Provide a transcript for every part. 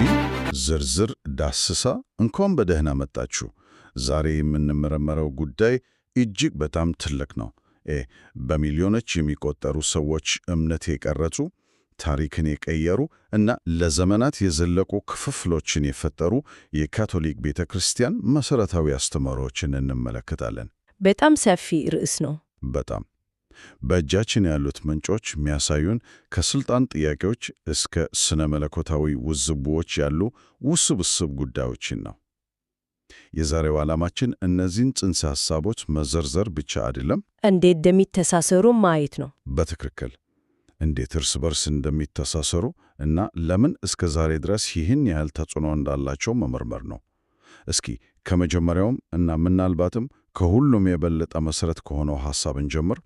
ስለዚህ ዝርዝር ዳስሳ እንኳን በደህና መጣችሁ። ዛሬ የምንመረመረው ጉዳይ እጅግ በጣም ትልቅ ነው። ኤ በሚሊዮኖች የሚቆጠሩ ሰዎች እምነት የቀረጹ ታሪክን የቀየሩ እና ለዘመናት የዘለቁ ክፍፍሎችን የፈጠሩ የካቶሊክ ቤተ ክርስቲያን መሠረታዊ አስተምህሮዎችን እንመለከታለን። በጣም ሰፊ ርዕስ ነው። በጣም በእጃችን ያሉት ምንጮች የሚያሳዩን ከስልጣን ጥያቄዎች እስከ ስነ መለኮታዊ ውዝግቦች ያሉ ውስብስብ ጉዳዮችን ነው። የዛሬው ዓላማችን እነዚህን ጽንሰ ሐሳቦች መዘርዘር ብቻ አይደለም፣ እንዴት እንደሚተሳሰሩ ማየት ነው። በትክክል እንዴት እርስ በርስ እንደሚተሳሰሩ እና ለምን እስከ ዛሬ ድረስ ይህን ያህል ተጽዕኖ እንዳላቸው መመርመር ነው። እስኪ ከመጀመሪያውም እና ምናልባትም ከሁሉም የበለጠ መሠረት ከሆነው ሐሳብን ጀምር።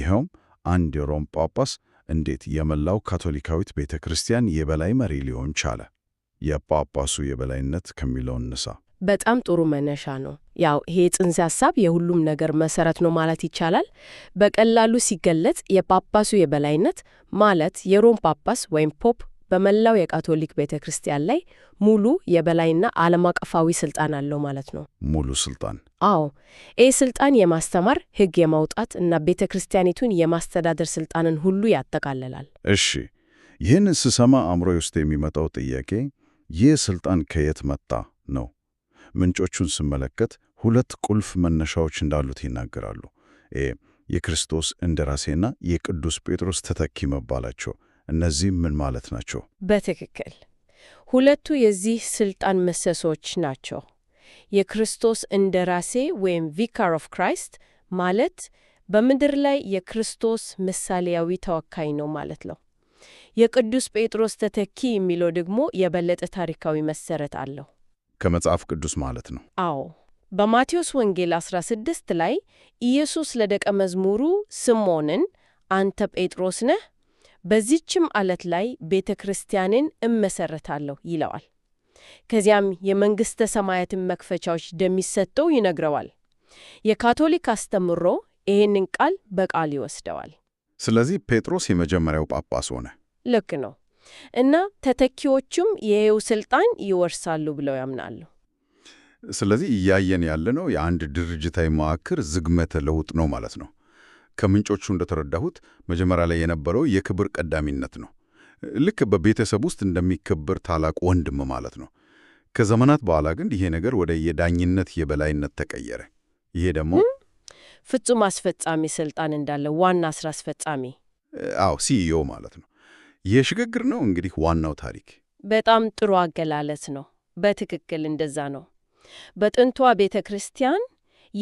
ይኸውም አንድ የሮም ጳጳስ እንዴት የመላው ካቶሊካዊት ቤተ ክርስቲያን የበላይ መሪ ሊሆን ቻለ? የጳጳሱ የበላይነት ከሚለው እንሳ። በጣም ጥሩ መነሻ ነው። ያው ይሄ ጽንሰ ሐሳብ የሁሉም ነገር መሰረት ነው ማለት ይቻላል። በቀላሉ ሲገለጽ የጳጳሱ የበላይነት ማለት የሮም ጳጳስ ወይም ፖፕ በመላው የካቶሊክ ቤተ ክርስቲያን ላይ ሙሉ የበላይና ዓለም አቀፋዊ ስልጣን አለው ማለት ነው። ሙሉ ስልጣን። አዎ፣ ይህ ስልጣን የማስተማር ህግ የማውጣት እና ቤተ ክርስቲያኒቱን የማስተዳደር ስልጣንን ሁሉ ያጠቃልላል። እሺ፣ ይህን ስሰማ አእምሮ ውስጥ የሚመጣው ጥያቄ ይህ ስልጣን ከየት መጣ ነው። ምንጮቹን ስመለከት ሁለት ቁልፍ መነሻዎች እንዳሉት ይናገራሉ። የክርስቶስ እንደራሴና የቅዱስ ጴጥሮስ ተተኪ መባላቸው እነዚህም ምን ማለት ናቸው? በትክክል ሁለቱ የዚህ ስልጣን ምሰሶች ናቸው። የክርስቶስ እንደራሴ ወይም ቪካር ኦፍ ክራይስት ማለት በምድር ላይ የክርስቶስ ምሳሌያዊ ተወካይ ነው ማለት ነው። የቅዱስ ጴጥሮስ ተተኪ የሚለው ደግሞ የበለጠ ታሪካዊ መሰረት አለው። ከመጽሐፍ ቅዱስ ማለት ነው። አዎ። በማቴዎስ ወንጌል 16 ላይ ኢየሱስ ለደቀ መዝሙሩ ስምዖንን አንተ ጴጥሮስ ነህ በዚችም ዓለት ላይ ቤተ ክርስቲያንን እመሰረታለሁ ይለዋል። ከዚያም የመንግሥተ ሰማያትን መክፈቻዎች እንደሚሰጠው ይነግረዋል። የካቶሊክ አስተምሮ ይህንን ቃል በቃል ይወስደዋል። ስለዚህ ጴጥሮስ የመጀመሪያው ጳጳስ ሆነ። ልክ ነው። እና ተተኪዎቹም ይሄው ስልጣን ይወርሳሉ ብለው ያምናሉ። ስለዚህ እያየን ያለነው የአንድ ድርጅታዊ መዋክር ዝግመተ ለውጥ ነው ማለት ነው። ከምንጮቹ እንደተረዳሁት መጀመሪያ ላይ የነበረው የክብር ቀዳሚነት ነው። ልክ በቤተሰብ ውስጥ እንደሚከበር ታላቅ ወንድም ማለት ነው። ከዘመናት በኋላ ግን ይሄ ነገር ወደ የዳኝነት የበላይነት ተቀየረ። ይሄ ደግሞ ፍጹም አስፈጻሚ ስልጣን እንዳለ ዋና ስራ አስፈጻሚ አዎ፣ ሲኢኦ ማለት ነው። የሽግግር ሽግግር ነው እንግዲህ ዋናው ታሪክ። በጣም ጥሩ አገላለጽ ነው። በትክክል እንደዛ ነው። በጥንቷ ቤተ ክርስቲያን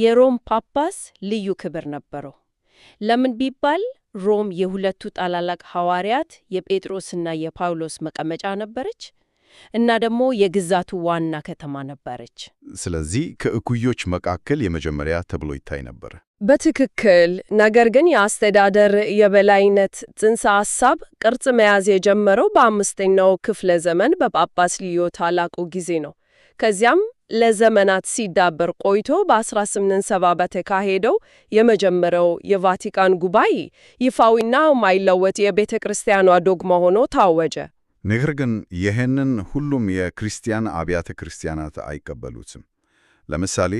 የሮም ጳጳስ ልዩ ክብር ነበረው። ለምን ቢባል ሮም የሁለቱ ታላላቅ ሐዋርያት የጴጥሮስና የጳውሎስ መቀመጫ ነበረች እና ደግሞ የግዛቱ ዋና ከተማ ነበረች። ስለዚህ ከእኩዮች መካከል የመጀመሪያ ተብሎ ይታይ ነበር። በትክክል ነገር ግን የአስተዳደር የበላይነት ጽንሰ ሐሳብ ቅርጽ መያዝ የጀመረው በአምስተኛው ክፍለ ዘመን በጳጳስ ልዮ ታላቁ ጊዜ ነው። ከዚያም ለዘመናት ሲዳበር ቆይቶ በ1870 በተካሄደው የመጀመሪያው የቫቲካን ጉባኤ ይፋዊና ማይለወጥ የቤተ ክርስቲያኗ ዶግማ ሆኖ ታወጀ። ነገር ግን ይህንን ሁሉም የክርስቲያን አብያተ ክርስቲያናት አይቀበሉትም። ለምሳሌ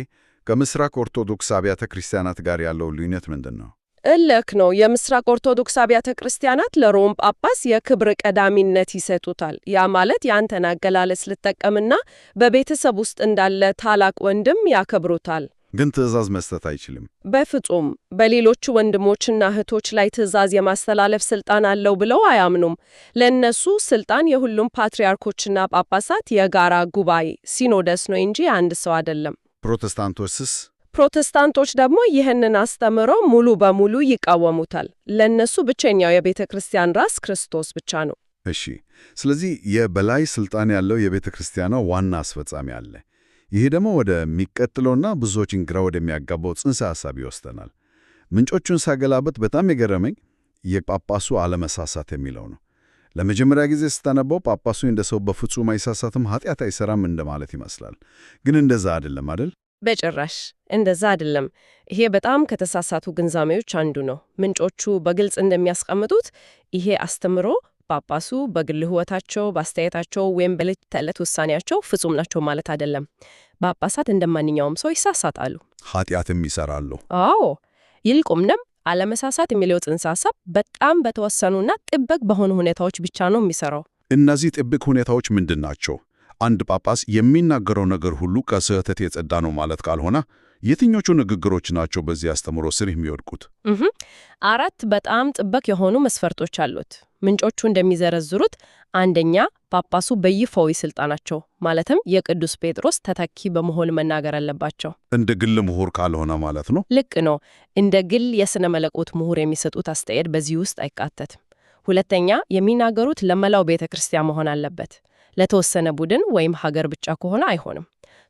ከምስራቅ ኦርቶዶክስ አብያተ ክርስቲያናት ጋር ያለው ልዩነት ምንድን ነው? እልክ ነው። የምስራቅ ኦርቶዶክስ አብያተ ክርስቲያናት ለሮም ጳጳስ የክብር ቀዳሚነት ይሰጡታል። ያ ማለት ያንተን አገላለጽ ልጠቀምና በቤተሰብ ውስጥ እንዳለ ታላቅ ወንድም ያከብሩታል። ግን ትእዛዝ መስጠት አይችልም። በፍጹም በሌሎቹ ወንድሞችና እህቶች ላይ ትእዛዝ የማስተላለፍ ስልጣን አለው ብለው አያምኑም። ለእነሱ ስልጣን የሁሉም ፓትርያርኮችና ጳጳሳት የጋራ ጉባኤ ሲኖደስ ነው እንጂ አንድ ሰው አይደለም። ፕሮቴስታንቶችስ ፕሮቴስታንቶች ደግሞ ይህንን አስተምሮ ሙሉ በሙሉ ይቃወሙታል። ለእነሱ ብቸኛው የቤተ ክርስቲያን ራስ ክርስቶስ ብቻ ነው። እሺ፣ ስለዚህ የበላይ ስልጣን ያለው የቤተ ክርስቲያኗ ዋና አስፈጻሚ አለ። ይሄ ደግሞ ወደሚቀጥለውና ብዙዎችን ግራ ወደሚያጋባው ጽንሰ ሐሳብ ይወስደናል። ምንጮቹን ሳገላበት በጣም የገረመኝ የጳጳሱ አለመሳሳት የሚለው ነው። ለመጀመሪያ ጊዜ ስታነባው ጳጳሱ እንደ ሰው በፍጹም አይሳሳትም ኃጢአት አይሰራም እንደማለት ይመስላል። ግን እንደዛ አይደለም አይደል? በጭራሽ እንደዛ አይደለም። ይሄ በጣም ከተሳሳቱ ግንዛሜዎች አንዱ ነው። ምንጮቹ በግልጽ እንደሚያስቀምጡት ይሄ አስተምሮ ጳጳሱ በግል ሕይወታቸው፣ በአስተያየታቸው ወይም በዕለት ተዕለት ውሳኔያቸው ፍጹም ናቸው ማለት አይደለም። ጳጳሳት እንደማንኛውም ሰው ይሳሳታሉ፣ ኃጢአትም ይሰራሉ። አዎ ይልቁምንም አለመሳሳት የሚለው ጽንሰ ሐሳብ በጣም በተወሰኑና ጥብቅ በሆኑ ሁኔታዎች ብቻ ነው የሚሰራው። እነዚህ ጥብቅ ሁኔታዎች ምንድን ናቸው? አንድ ጳጳስ የሚናገረው ነገር ሁሉ ከስህተት የጸዳ ነው ማለት ካልሆነ የትኞቹ ንግግሮች ናቸው በዚህ አስተምሮ ስር የሚወድቁት? አራት በጣም ጥበቅ የሆኑ መስፈርቶች አሉት። ምንጮቹ እንደሚዘረዝሩት አንደኛ፣ ጳጳሱ በይፋዊ ስልጣናቸው ማለትም የቅዱስ ጴጥሮስ ተተኪ በመሆን መናገር አለባቸው። እንደ ግል ምሁር ካልሆነ ማለት ነው። ልክ ነው። እንደ ግል የሥነ መለኮት ምሁር የሚሰጡት አስተያየት በዚህ ውስጥ አይካተትም። ሁለተኛ፣ የሚናገሩት ለመላው ቤተ ክርስቲያን መሆን አለበት። ለተወሰነ ቡድን ወይም ሀገር ብቻ ከሆነ አይሆንም።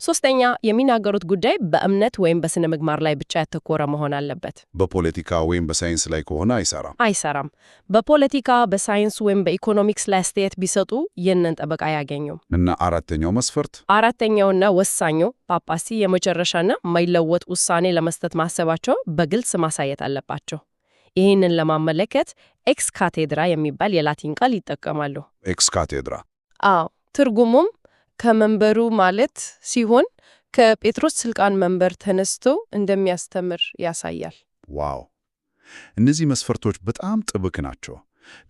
ሶስተኛ፣ የሚናገሩት ጉዳይ በእምነት ወይም በስነ ምግማር ላይ ብቻ ያተኮረ መሆን አለበት። በፖለቲካ ወይም በሳይንስ ላይ ከሆነ አይሰራም አይሰራም። በፖለቲካ በሳይንስ ወይም በኢኮኖሚክስ ላይ አስተያየት ቢሰጡ ይህንን ጠበቃ አያገኙም። እና አራተኛው መስፈርት አራተኛውና ወሳኙ ጳጳሲ የመጨረሻና የማይለወጥ ውሳኔ ለመስጠት ማሰባቸው በግልጽ ማሳየት አለባቸው። ይህንን ለማመለከት ኤክስ ካቴድራ የሚባል የላቲን ቃል ይጠቀማሉ። ኤክስ ካቴድራ አዎ ትርጉሙም ከመንበሩ ማለት ሲሆን ከጴጥሮስ ስልቃን መንበር ተነስቶ እንደሚያስተምር ያሳያል። ዋው! እነዚህ መስፈርቶች በጣም ጥብቅ ናቸው።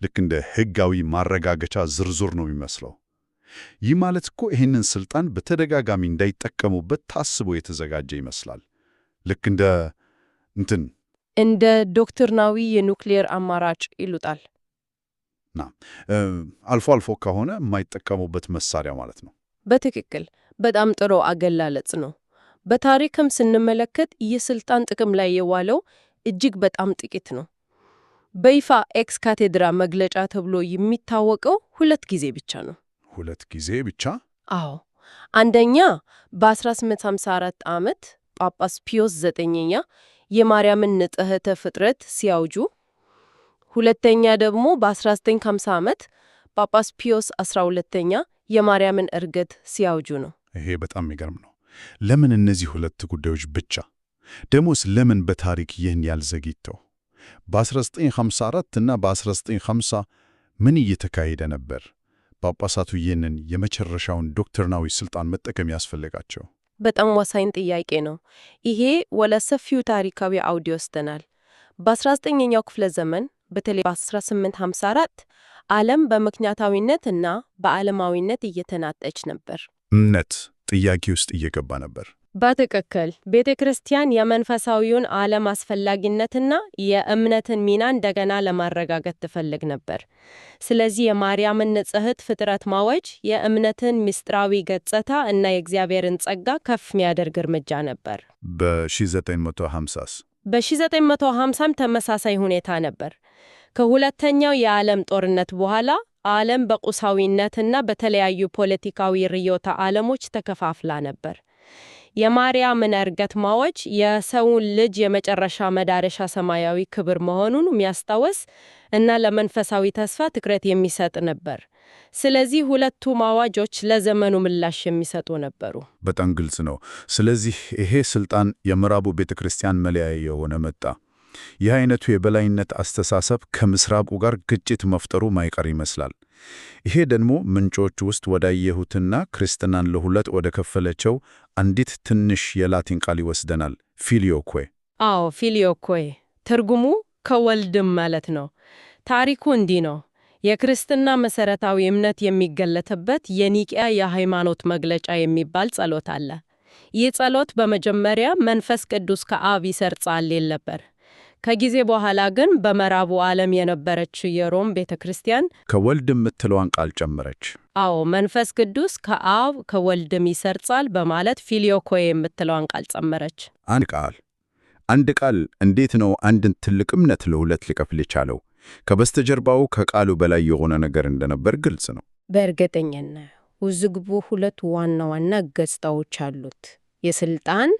ልክ እንደ ሕጋዊ ማረጋገጫ ዝርዝር ነው የሚመስለው። ይህ ማለት እኮ ይህንን ስልጣን በተደጋጋሚ እንዳይጠቀሙበት ታስቦ የተዘጋጀ ይመስላል። ልክ እንደ እንትን እንደ ዶክትርናዊ የኑክሌር አማራጭ ይሉታል። ና አልፎ አልፎ ከሆነ የማይጠቀሙበት መሳሪያ ማለት ነው። በትክክል በጣም ጥሩ አገላለጽ ነው። በታሪክም ስንመለከት የስልጣን ጥቅም ላይ የዋለው እጅግ በጣም ጥቂት ነው። በይፋ ኤክስ ካቴድራ መግለጫ ተብሎ የሚታወቀው ሁለት ጊዜ ብቻ ነው። ሁለት ጊዜ ብቻ? አዎ። አንደኛ በ1854 ዓመት ጳጳስ ፒዮስ ዘጠነኛ የማርያምን ንጥህተ ፍጥረት ሲያውጁ ሁለተኛ ደግሞ በ1950 ዓመት ጳጳስ ፒዮስ 12ኛ የማርያምን እርገት ሲያውጁ ነው። ይሄ በጣም የሚገርም ነው። ለምን እነዚህ ሁለት ጉዳዮች ብቻ? ደሞስ ለምን በታሪክ ይህን ያልዘግይተው? በ1954 እና በ1950 ምን እየተካሄደ ነበር? ጳጳሳቱ ይህንን የመጨረሻውን ዶክትርናዊ ስልጣን መጠቀም ያስፈልጋቸው? በጣም ወሳኝ ጥያቄ ነው። ይሄ ወለ ሰፊው ታሪካዊ አውድ ይወስደናል። በ19ኛው ክፍለ ዘመን በተለይ በ1854 ዓለም በምክንያታዊነት እና በዓለማዊነት እየተናጠች ነበር። እምነት ጥያቄ ውስጥ እየገባ ነበር። በትክክል ቤተ ክርስቲያን የመንፈሳዊውን ዓለም አስፈላጊነትና የእምነትን ሚና እንደገና ለማረጋገጥ ትፈልግ ነበር። ስለዚህ የማርያምን ንጽሕት ፍጥረት ማወጅ የእምነትን ምስጢራዊ ገጽታ እና የእግዚአብሔርን ጸጋ ከፍ የሚያደርግ እርምጃ ነበር። በ1950 በ 1950 ተመሳሳይ ሁኔታ ነበር። ከሁለተኛው የዓለም ጦርነት በኋላ ዓለም በቁሳዊነትና በተለያዩ ፖለቲካዊ ርዕዮተ ዓለሞች ተከፋፍላ ነበር። የማርያምን ዕርገት ማወጅ የሰውን ልጅ የመጨረሻ መዳረሻ ሰማያዊ ክብር መሆኑን የሚያስታውስ እና ለመንፈሳዊ ተስፋ ትኩረት የሚሰጥ ነበር። ስለዚህ ሁለቱም አዋጆች ለዘመኑ ምላሽ የሚሰጡ ነበሩ። በጣም ግልጽ ነው። ስለዚህ ይሄ ስልጣን የምዕራቡ ቤተ ክርስቲያን መለያ የሆነ መጣ። ይህ አይነቱ የበላይነት አስተሳሰብ ከምስራቁ ጋር ግጭት መፍጠሩ ማይቀር ይመስላል። ይሄ ደግሞ ምንጮች ውስጥ ወዳየሁትና ክርስትናን ለሁለት ወደ ከፈለቸው አንዲት ትንሽ የላቲን ቃል ይወስደናል፣ ፊልዮኮ። አዎ ፊልዮኮ፣ ትርጉሙ ከወልድም ማለት ነው። ታሪኩ እንዲህ ነው። የክርስትና መሰረታዊ እምነት የሚገለጥበት የኒቂያ የሃይማኖት መግለጫ የሚባል ጸሎት አለ። ይህ ጸሎት በመጀመሪያ መንፈስ ቅዱስ ከአብ ይሰርጻል ይል ነበር። ከጊዜ በኋላ ግን በምዕራቡ ዓለም የነበረች የሮም ቤተ ክርስቲያን ከወልድ የምትለዋን ቃል ጨመረች። አዎ መንፈስ ቅዱስ ከአብ ከወልድም ይሰርጻል በማለት ፊልዮኮዬ የምትለዋን ቃል ጨመረች። አንድ ቃል አንድ ቃል እንዴት ነው አንድን ትልቅ እምነት ለሁለት ሊከፍል የቻለው? ከበስተጀርባው ከቃሉ በላይ የሆነ ነገር እንደነበር ግልጽ ነው። በእርግጠኝነት ውዝግቡ ሁለት ዋና ዋና ገጽታዎች አሉት፣ የስልጣን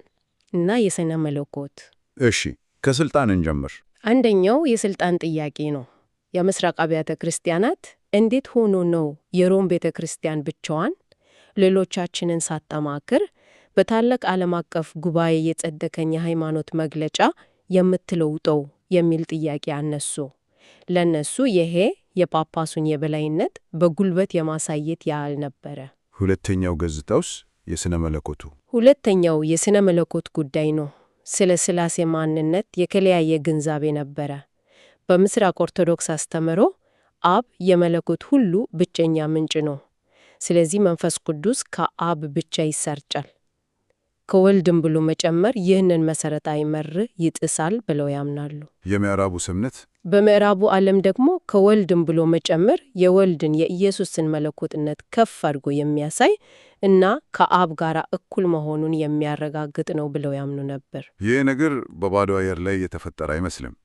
እና የሥነ መለኮት። እሺ፣ ከስልጣን እንጀምር። አንደኛው የስልጣን ጥያቄ ነው። የምስራቅ አብያተ ክርስቲያናት እንዴት ሆኖ ነው የሮም ቤተ ክርስቲያን ብቻዋን ሌሎቻችንን ሳጠማክር በታላቅ ዓለም አቀፍ ጉባኤ የጸደቀኝ የሃይማኖት መግለጫ የምትለውጠው የሚል ጥያቄ አነሱ። ለነሱ ይሄ የጳጳሱን የበላይነት በጉልበት የማሳየት ያህል ነበረ። ሁለተኛው ገጽታውስ የሥነ መለኮቱ ሁለተኛው የሥነ መለኮት ጉዳይ ነው። ስለ ሥላሴ ማንነት የተለያየ ግንዛቤ ነበረ። በምስራቅ ኦርቶዶክስ አስተምህሮ አብ የመለኮት ሁሉ ብቸኛ ምንጭ ነው። ስለዚህ መንፈስ ቅዱስ ከአብ ብቻ ይሰርጫል። ከወልድም ብሎ መጨመር ይህንን መሰረታዊ መርህ ይጥሳል ብለው ያምናሉ። የምዕራቡ እምነት በምዕራቡ ዓለም ደግሞ ከወልድም ብሎ መጨመር የወልድን የኢየሱስን መለኮትነት ከፍ አድርጎ የሚያሳይ እና ከአብ ጋር እኩል መሆኑን የሚያረጋግጥ ነው ብለው ያምኑ ነበር። ይህ ነገር በባዶ አየር ላይ የተፈጠረ አይመስልም።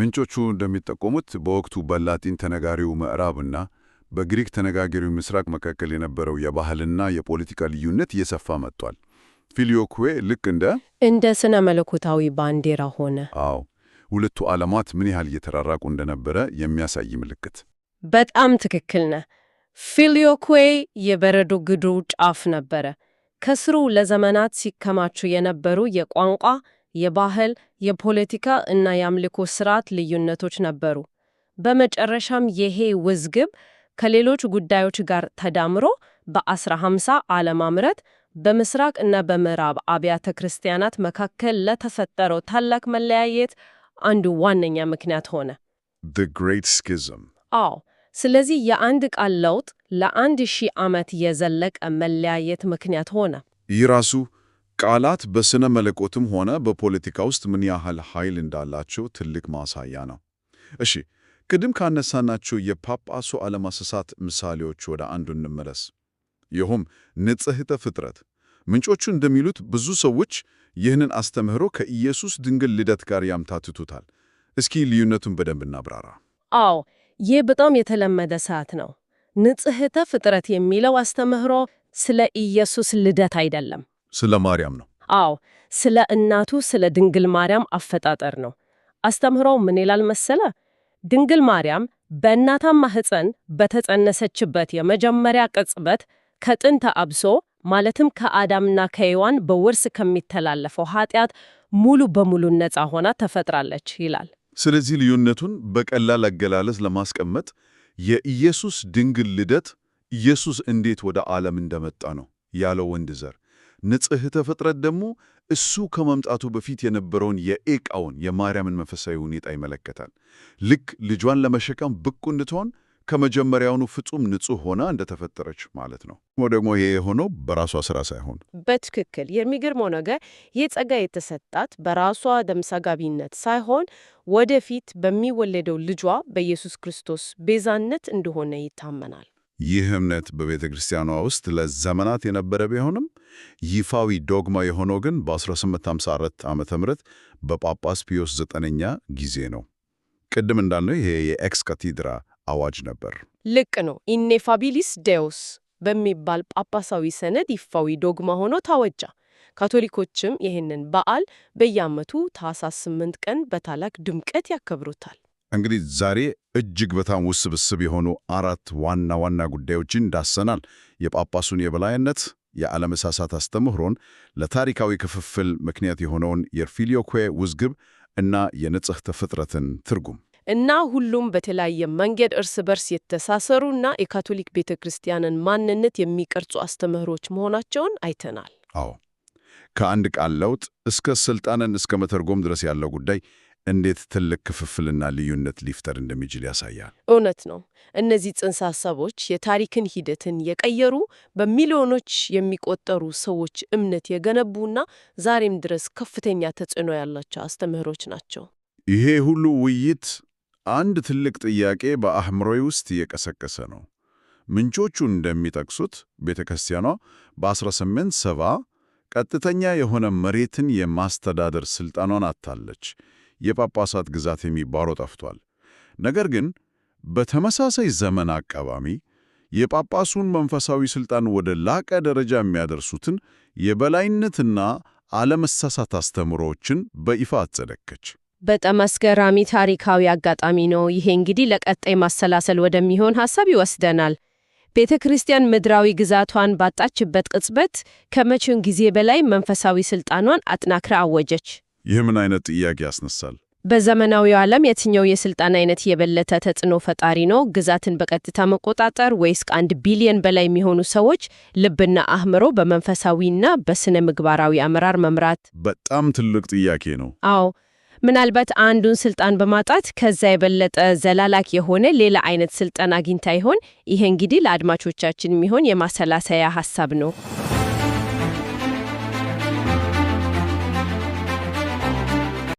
ምንጮቹ እንደሚጠቆሙት በወቅቱ በላጢን ተነጋሪው ምዕራብና በግሪክ ተነጋጋሪው ምስራቅ መካከል የነበረው የባህልና የፖለቲካ ልዩነት እየሰፋ መጥቷል። ፊልዮኩዌ ልክ እንደ እንደ ስነ መለኮታዊ ባንዲራ ሆነ። አዎ ሁለቱ ዓለማት ምን ያህል እየተራራቁ እንደነበረ የሚያሳይ ምልክት። በጣም ትክክል ነ ፊልዮኩዌ የበረዶ ግዱ ጫፍ ነበረ። ከስሩ ለዘመናት ሲከማቹ የነበሩ የቋንቋ፣ የባህል፣ የፖለቲካ እና የአምልኮ ስርዓት ልዩነቶች ነበሩ። በመጨረሻም ይሄ ውዝግብ ከሌሎች ጉዳዮች ጋር ተዳምሮ በ1050 ዓለም በምስራቅ እና በምዕራብ አብያተ ክርስቲያናት መካከል ለተፈጠረው ታላቅ መለያየት አንዱ ዋነኛ ምክንያት ሆነ። ዘ አዎ። ስለዚህ የአንድ ቃል ለውጥ ለአንድ ሺህ ዓመት የዘለቀ መለያየት ምክንያት ሆነ። ይህ ራሱ ቃላት በሥነ መለኮትም ሆነ በፖለቲካ ውስጥ ምን ያህል ኃይል እንዳላቸው ትልቅ ማሳያ ነው። እሺ፣ ቅድም ካነሳናቸው የጳጳሱ አለማሰሳት ምሳሌዎች ወደ አንዱ እንመለስ። ይኸውም ንጽሕተ ፍጥረት። ምንጮቹ እንደሚሉት ብዙ ሰዎች ይህንን አስተምህሮ ከኢየሱስ ድንግል ልደት ጋር ያምታትቱታል። እስኪ ልዩነቱን በደንብ እናብራራ። አዎ፣ ይህ በጣም የተለመደ ሰዓት ነው። ንጽሕተ ፍጥረት የሚለው አስተምህሮ ስለ ኢየሱስ ልደት አይደለም፣ ስለ ማርያም ነው። አዎ፣ ስለ እናቱ ስለ ድንግል ማርያም አፈጣጠር ነው። አስተምህሮው ምን ይላል መሰለ? ድንግል ማርያም በእናታማ ማህፀን በተጸነሰችበት የመጀመሪያ ቅጽበት ከጥንተ አብሶ ማለትም ከአዳምና ከሔዋን በውርስ ከሚተላለፈው ኃጢአት ሙሉ በሙሉ ነፃ ሆና ተፈጥራለች ይላል። ስለዚህ ልዩነቱን በቀላል አገላለጽ ለማስቀመጥ የኢየሱስ ድንግል ልደት ኢየሱስ እንዴት ወደ ዓለም እንደመጣ ነው ያለው ወንድ ዘር፣ ንጽሕተ ፍጥረት ደግሞ እሱ ከመምጣቱ በፊት የነበረውን የኤቃውን የማርያምን መንፈሳዊ ሁኔታ ይመለከታል። ልክ ልጇን ለመሸከም ብቁ እንድትሆን ከመጀመሪያውኑ ፍጹም ንጹህ ሆና እንደተፈጠረች ማለት ነው። ደግሞ ይሄ የሆነው በራሷ ስራ ሳይሆን በትክክል የሚገርመው ነገር ይህ ጸጋ የተሰጣት በራሷ ደምሳጋቢነት ሳይሆን ወደፊት በሚወለደው ልጇ በኢየሱስ ክርስቶስ ቤዛነት እንደሆነ ይታመናል። ይህ እምነት በቤተ ክርስቲያኗ ውስጥ ለዘመናት የነበረ ቢሆንም ይፋዊ ዶግማ የሆነው ግን በ1854 ዓ ም በጳጳስ ፒዮስ ዘጠነኛ ጊዜ ነው። ቅድም እንዳልነው ይሄ የኤክስ ካቴድራ አዋጅ ነበር። ልቅ ነው። ኢኔፋቢሊስ ዴዎስ በሚባል ጳጳሳዊ ሰነድ ይፋዊ ዶግማ ሆኖ ታወጃ። ካቶሊኮችም ይህንን በዓል በየዓመቱ ታኅሳስ 8 ቀን በታላቅ ድምቀት ያከብሩታል። እንግዲህ ዛሬ እጅግ በጣም ውስብስብ የሆኑ አራት ዋና ዋና ጉዳዮችን ዳሰናል። የጳጳሱን የበላይነት፣ የአለመሳሳት አስተምህሮን፣ ለታሪካዊ ክፍፍል ምክንያት የሆነውን የፊልዮኩዌ ውዝግብ እና የንጽሕተ ፍጥረትን ትርጉም እና ሁሉም በተለያየ መንገድ እርስ በርስ የተሳሰሩ እና የካቶሊክ ቤተ ክርስቲያንን ማንነት የሚቀርጹ አስተምህሮች መሆናቸውን አይተናል። አዎ ከአንድ ቃል ለውጥ እስከ ስልጣንን እስከ መተርጎም ድረስ ያለው ጉዳይ እንዴት ትልቅ ክፍፍልና ልዩነት ሊፍጠር እንደሚችል ያሳያል። እውነት ነው። እነዚህ ጽንሰ ሀሳቦች የታሪክን ሂደትን የቀየሩ በሚሊዮኖች የሚቆጠሩ ሰዎች እምነት የገነቡና ዛሬም ድረስ ከፍተኛ ተጽዕኖ ያላቸው አስተምህሮች ናቸው። ይሄ ሁሉ ውይይት አንድ ትልቅ ጥያቄ በአእምሮዬ ውስጥ እየቀሰቀሰ ነው። ምንጮቹ እንደሚጠቅሱት ቤተ ክርስቲያኗ በ1870 ቀጥተኛ የሆነ መሬትን የማስተዳደር ስልጣኗን አታለች። የጳጳሳት ግዛት የሚባለው ጠፍቷል። ነገር ግን በተመሳሳይ ዘመን አቃባሚ የጳጳሱን መንፈሳዊ ስልጣን ወደ ላቀ ደረጃ የሚያደርሱትን የበላይነትና አለመሳሳት አስተምሮዎችን በይፋ አጸደቀች። በጣም አስገራሚ ታሪካዊ አጋጣሚ ነው። ይሄ እንግዲህ ለቀጣይ ማሰላሰል ወደሚሆን ሀሳብ ይወስደናል። ቤተ ክርስቲያን ምድራዊ ግዛቷን ባጣችበት ቅጽበት ከመቼውን ጊዜ በላይ መንፈሳዊ ስልጣኗን አጥናክራ አወጀች። ይህ ምን አይነት ጥያቄ ያስነሳል? በዘመናዊው ዓለም የትኛው የስልጣን አይነት የበለጠ ተጽዕኖ ፈጣሪ ነው? ግዛትን በቀጥታ መቆጣጠር ወይስ ከአንድ ቢሊየን በላይ የሚሆኑ ሰዎች ልብና አእምሮ በመንፈሳዊና በስነ ምግባራዊ አመራር መምራት? በጣም ትልቅ ጥያቄ ነው። አዎ ምናልባት አንዱን ስልጣን በማጣት ከዛ የበለጠ ዘላላቅ የሆነ ሌላ አይነት ስልጣን አግኝታ ይሆን? ይሄ እንግዲህ ለአድማቾቻችን የሚሆን የማሰላሰያ ሀሳብ ነው።